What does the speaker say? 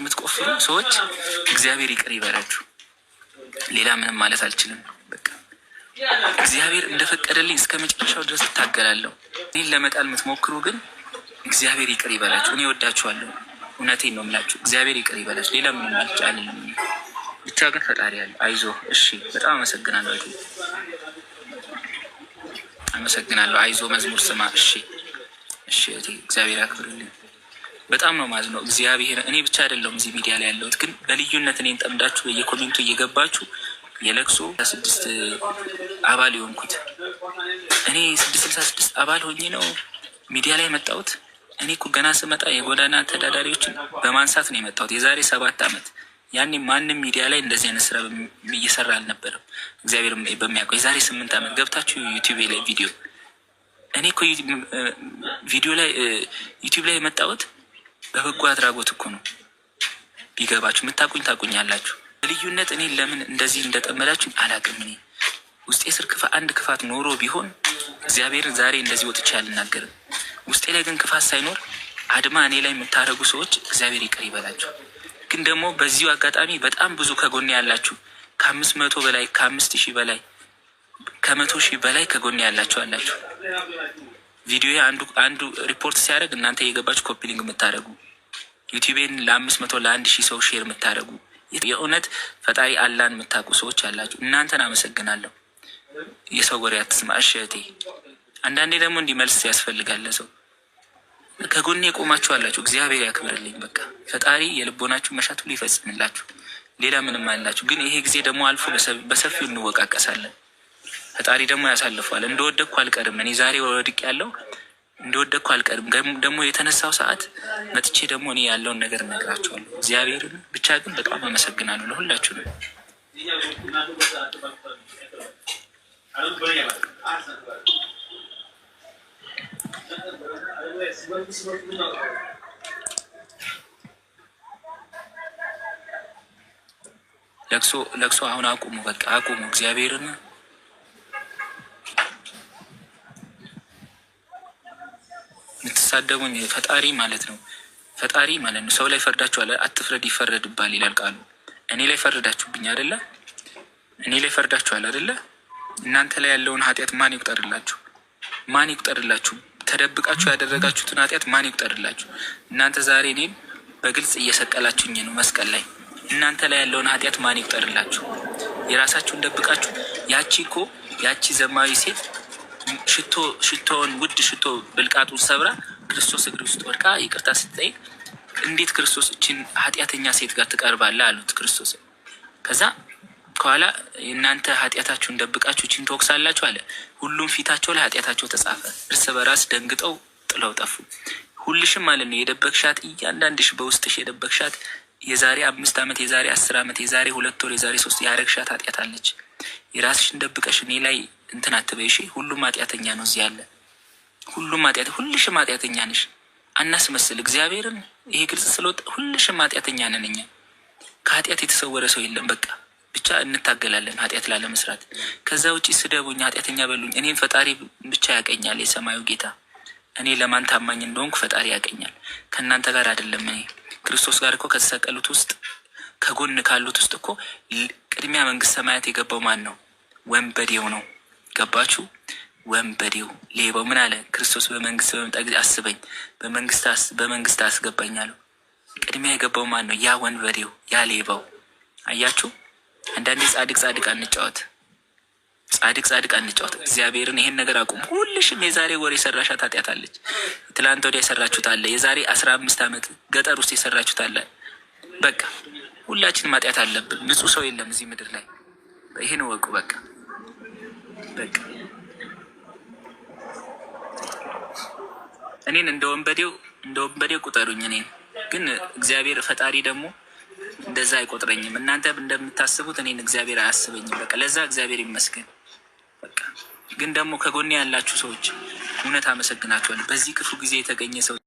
የምትቆፍሩ ሰዎች እግዚአብሔር ይቅር ይበላችሁ። ሌላ ምንም ማለት አልችልም። በቃ እግዚአብሔር እንደፈቀደልኝ እስከ መጨረሻው ድረስ እታገላለሁ። እኔን ለመጣል የምትሞክሩ ግን እግዚአብሔር ይቅር ይበላችሁ። እኔ ወዳችኋለሁ። እውነቴን ነው የምላችሁ። እግዚአብሔር ይቅር ይበላችሁ። ሌላ ምንም አልቻልም። ብቻ ግን ፈጣሪ ያለ አይዞ። እሺ፣ በጣም አመሰግናለሁ። አመሰግናለሁ። አይዞ፣ መዝሙር ስማ። እሺ፣ እሺ፣ እግዚአብሔር ያክብርልኝ። በጣም ነው ማለት ነው። እግዚአብሔር እኔ ብቻ አይደለሁም እዚህ ሚዲያ ላይ ያለሁት፣ ግን በልዩነት እኔን ጠምዳችሁ በየኮሜንቱ እየገባችሁ የለቅሶ ስድስት አባል የሆንኩት እኔ ስድስት ስልሳ ስድስት አባል ሆኜ ነው ሚዲያ ላይ የመጣሁት። እኔ እኮ ገና ስመጣ የጎዳና ተዳዳሪዎችን በማንሳት ነው የመጣሁት የዛሬ ሰባት ዓመት። ያኔ ማንም ሚዲያ ላይ እንደዚህ አይነት ስራ እየሰራ አልነበረም። እግዚአብሔር በሚያውቀው የዛሬ ስምንት ዓመት ገብታችሁ ዩቲዩብ ላይ ቪዲዮ እኔ እኮ ቪዲዮ ላይ ዩቲዩብ ላይ የመጣሁት በበጎ አድራጎት እኮ ነው። ቢገባችሁ የምታቁኝ ታቁኛላችሁ። በልዩነት እኔ ለምን እንደዚህ እንደጠመዳችሁኝ አላቅም። እኔ ውስጤ ስር ክፋ አንድ ክፋት ኖሮ ቢሆን እግዚአብሔርን ዛሬ እንደዚህ ወጥቼ አልናገርም። ውስጤ ላይ ግን ክፋት ሳይኖር አድማ እኔ ላይ የምታደርጉ ሰዎች እግዚአብሔር ይቅር ይበላችሁ። ግን ደግሞ በዚሁ አጋጣሚ በጣም ብዙ ከጎኔ ያላችሁ ከአምስት መቶ በላይ ከአምስት ሺህ በላይ ከመቶ ሺህ በላይ ከጎኔ ያላችሁ አላችሁ ቪዲዮ አንዱ አንዱ ሪፖርት ሲያደርግ እናንተ የገባችሁ ኮፒሊንግ የምታደርጉ ዩቲቤን ለአምስት መቶ ለአንድ ሺህ ሰው ሼር የምታደርጉ የእውነት ፈጣሪ አላን የምታውቁ ሰዎች አላችሁ። እናንተን አመሰግናለሁ። የሰው ወሬ አትስማ እሺ አንዳንዴ ደግሞ እንዲመልስ ያስፈልጋለ ሰው ከጎኔ የቆማችሁ አላችሁ። እግዚአብሔር ያክብርልኝ። በቃ ፈጣሪ የልቦናችሁ መሻት ሁሉ ይፈጽምላችሁ። ሌላ ምንም አላችሁ። ግን ይሄ ጊዜ ደግሞ አልፎ በሰፊው እንወቃቀሳለን። ፈጣሪ ደግሞ ያሳልፈዋል። እንደወደቅኩ አልቀርም እኔ ዛሬ ወድቅ ያለው እንደወደቅኩ አልቀርም። ደግሞ የተነሳው ሰዓት መጥቼ ደግሞ እኔ ያለውን ነገር እነግራቸዋለሁ። እግዚአብሔር ብቻ ግን በጣም አመሰግናለሁ ለሁላችሁ ነው። ለቅሶ አሁን አቁሙ፣ በቃ አቁሙ እግዚአብሔርን የሚሳደቡን ፈጣሪ ማለት ነው። ፈጣሪ ማለት ነው። ሰው ላይ ፈርዳችኋል። አትፍረድ ይፈረድባል ይላል ቃሉ። እኔ ላይ ፈርዳችሁብኝ አደለ? እኔ ላይ ፈርዳችኋል አደለ? እናንተ ላይ ያለውን ኃጢአት ማን ይቁጠርላችሁ? ማን ይቁጠርላችሁ? ተደብቃችሁ ያደረጋችሁትን ኃጢአት ማን ይቁጠርላችሁ? እናንተ ዛሬ እኔን በግልጽ እየሰቀላችሁኝ ነው መስቀል ላይ። እናንተ ላይ ያለውን ኃጢአት ማን ይቁጠርላችሁ? የራሳችሁን ደብቃችሁ ያቺ እኮ ያቺ ዘማዊ ሴት ሽቶ ሽቶውን ውድ ሽቶ ብልቃጡን ሰብራ ክርስቶስ እግር ውስጥ ወድቃ ይቅርታ ስትጠይቅ እንዴት ክርስቶስ እችን ኃጢአተኛ ሴት ጋር ትቀርባለ? አሉት ክርስቶስ። ከዛ ከኋላ እናንተ ኃጢአታችሁን ደብቃችሁ እችን ትወቅሳላችሁ አለ። ሁሉም ፊታቸው ላይ ኃጢአታቸው ተጻፈ። እርስ በራስ ደንግጠው ጥለው ጠፉ። ሁልሽም ማለት ነው የደበቅሻት እያንዳንድሽ በውስጥሽ የደበቅሻት የዛሬ አምስት ዓመት የዛሬ አስር ዓመት የዛሬ ሁለት ወር የዛሬ ሶስት ያረግሻት ኃጢአት አለች። የራስሽን ደብቀሽ እኔ ላይ እንትን አትበይ እሺ። ሁሉም ኃጢአተኛ ነው እዚህ ያለ ሁሉም ኃጢአት ሁልሽም ኃጢአተኛ ነሽ። አናስመስል እግዚአብሔርን። ይሄ ግልጽ ስለወጥ ሁልሽም ኃጢአተኛ ነን እኛ። ከኃጢአት የተሰወረ ሰው የለም። በቃ ብቻ እንታገላለን ኃጢአት ላለመስራት። ከዛ ውጭ ስደቡኝ፣ ኃጢአተኛ በሉኝ። እኔም ፈጣሪ ብቻ ያቀኛል፣ የሰማዩ ጌታ። እኔ ለማን ታማኝ እንደሆንኩ ፈጣሪ ያቀኛል። ከእናንተ ጋር አይደለም። እኔ ክርስቶስ ጋር እኮ ከተሰቀሉት ውስጥ ከጎን ካሉት ውስጥ እኮ ቅድሚያ መንግስት ሰማያት የገባው ማን ነው? ወንበዴው ነው። ገባችሁ? ወንበዴው ሌባው ምን አለ? ክርስቶስ በመንግስት በመምጣ ጊዜ አስበኝ፣ በመንግስት አስገባኝ ቅድሚያ የገባው ማን ነው? ያ ወንበዴው፣ ያ ሌባው። አያችሁ፣ አንዳንዴ ጻድቅ ጻድቅ አንጫወት፣ ጻድቅ ጻድቅ አንጫወት። እግዚአብሔርን ይሄን ነገር አቁም። ሁልሽም የዛሬ ወር የሰራሻት ኃጢአት አለች። ትላንት ወዲያ የሰራችሁት አለ። የዛሬ አስራ አምስት ዓመት ገጠር ውስጥ የሰራችሁት አለ። በቃ ሁላችንም ማጥያት አለብን። ንጹህ ሰው የለም እዚህ ምድር ላይ። ይህን ወቁ በቃ በቃ እኔን እንደ ወንበዴው እንደ ወንበዴው ቁጠሩኝ። እኔን ግን እግዚአብሔር ፈጣሪ ደግሞ እንደዛ አይቆጥረኝም። እናንተ እንደምታስቡት እኔን እግዚአብሔር አያስበኝም። በቃ ለዛ እግዚአብሔር ይመስገን። በቃ ግን ደግሞ ከጎኔ ያላችሁ ሰዎች እውነት አመሰግናችኋለሁ። በዚህ ክፉ ጊዜ የተገኘ ሰው